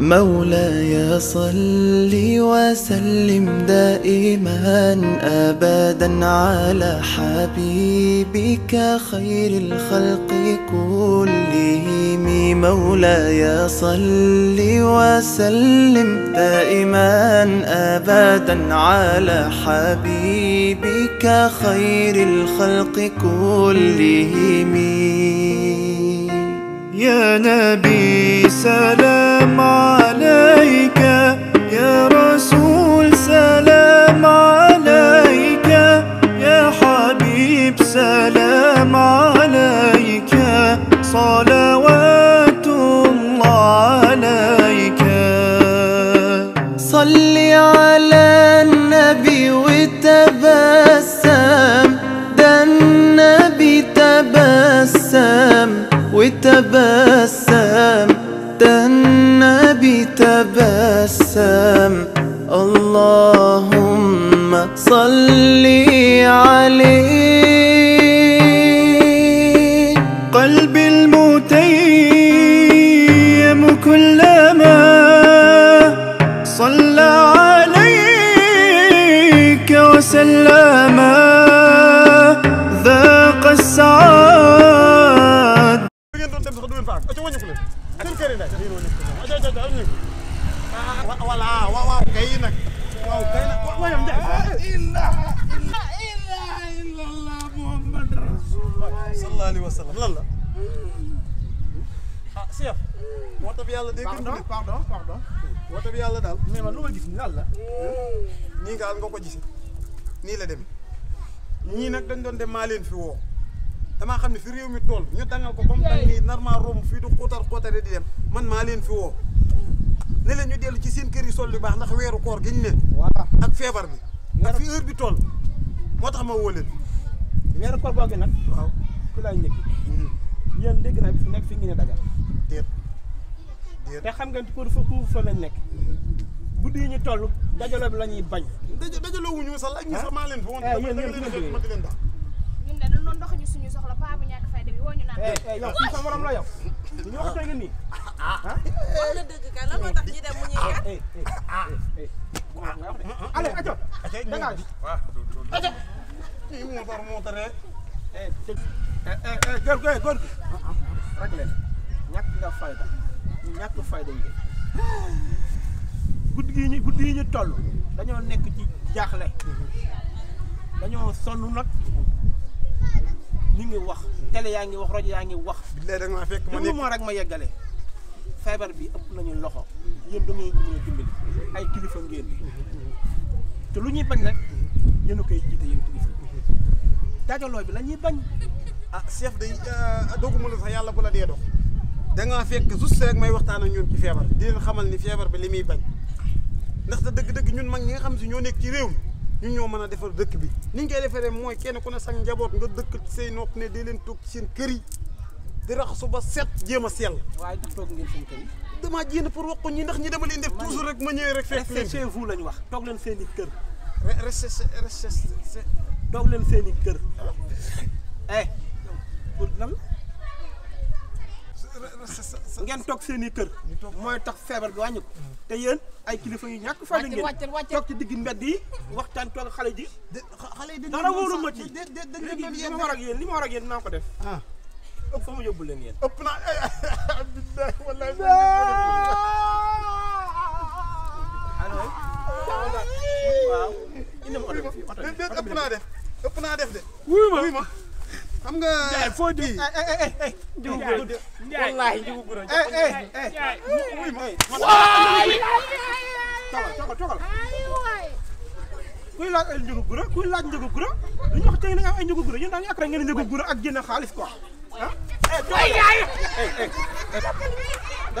مولاي صل وسلم دائما ابدا على حبيبك خير الخلق كلهم مولاي صل وسلم دائما ابدا على حبيبك خير الخلق كلهم يا نبي سلام عليك يا رسول سلام عليك يا حبيب سلام عليك صلوات الله عليك صل على النبي وتبسم ده النبي تبسم وتبسم تبسم اللهم صل عليه قلبي المتيم كلما صلى عليك وسلم ذاق السعادة seen kër yi nag lii woon voilà waaw kay nag waaw kay nag waaw yow Ndiaye. illah illah illallah Muhammad rasulullah sallallahu alayhi wa sallam lan la. ah Cheikh. woote bi yàlla dégg nga. pardon pardon woote bi yàlla daal mais man lu ma gis nii lan la. nii nga nga ko gisee. nii la demee. ñii nag dañ doon dem maa leen fi woo. damaa xam ne fi réew mi tool ñu dangal ko comme dang nii normal romb fii du xuutar xuutare di dem man maa leen fi woo ne leen ñu dellu ci seen kër yi sol yu baax ndax weeru koor gi ñu ne ak feebar bi ndax fi heure bi tool moo tax ma woo leen weeru koor boobu nag waaw ku laay njëkk yéen dégg naa fi nekk fi ngi ne dagal déet déet te xam nga pour fa kuuf fa lañ nekk guddi yi ñu toll dajaloo bi la ñuy bañ dajaloo wuñu sax ak ñu sax maa leen fi woon ma di leen daal Eh, eh, yow fii sa morom la yow. li ñu wax tey nii. Ah? wax na dëgg kan la moo tax ñu dem mu ñuy kat. Eh, allez ajo. dégage. ajo. kii mu far moo tere. góor góor góor gi. rek leen ñàkk nga fayda ñàkk fayda ngeen. guddi gi ñu guddi yi ñu toll dañoo nekk ci jaaxle. dañoo sonn nag. ñu ngi wax télé yaa ngi wax rajo yaa ngi wax. billaay rek ma fekk ma nekk moo rek ma yeggale. feebar bi ëpp nañu loxo yéen da ngeen mën ay kilifa ngeen te lu ñuy bañ nag ñun a koy jiite yéen kilifa dajaloo bi la ñuy bañ. ah chef day euh, dogguma la sax yàlla bu la dee dox dangaa fekk juste rek may waxtaan ak ñun ci feebar di xamal ni feebar bi li muy bañ ndax te dëgg-dëgg ñun mag ñi nga xam si ñoo nekk ci réew mi ñu ñoo mën a defar dëkk bi ni ñu koy defaree mooy kenn ku ne sax njaboot nga dëkk say nopp ne dee leen toog seen kër yi di raxasu ba set jéem a sell. waaye ndax toog ngeen seen kër yi. damaa pour wax ko ñi ndax ñi dama leen def. toujours rek ma ñëwee rek fekk leen chez vous wax. toog leen seen i kër. reste reste toog leen seen i kër. eh pour lan. ngeen toog seen i kër mooy tax feebar bi wàññi te yéen ay kilifa yu ñàkk fay ngeen toog ci digg mbedd yi waxtaan toog xale ji dara wóoru ma ci léegi li ma war ak yéen li ma war ak yéen dinaa ko def ah. ëpp fa leen yéen ëpp naa billahi eh, wallahi waaw ëpp naa def ëpp naa def de wuy ma xam nga Ndiaye foo eh, eh, eh, di Ndiaye Ndiaye wallaahi Ndiaye Ndiaye waay togal kuy laaj ay njëgu kuy laaj njëgu gura ñu wax tey nga am ay njëgu gura yéen daal yàq rek ngeen njëgu ak génn xaalis quoi ah ay yaay da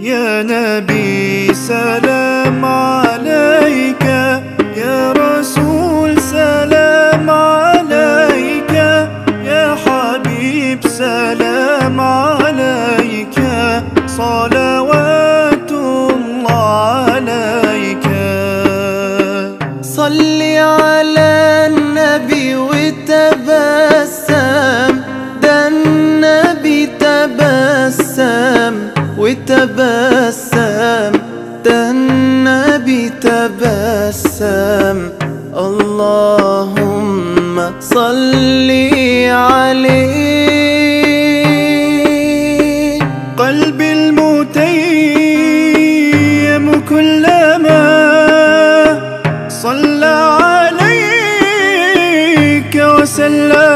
يا نبي سلام عليك يا رسول سلام عليك يا حبيب سلام عليك صلوات الله عليك صل على النبي وتبسم ده النبي تبسم وتبسم صلي عليه قلبي المتيم كلما صلى عليك وسلم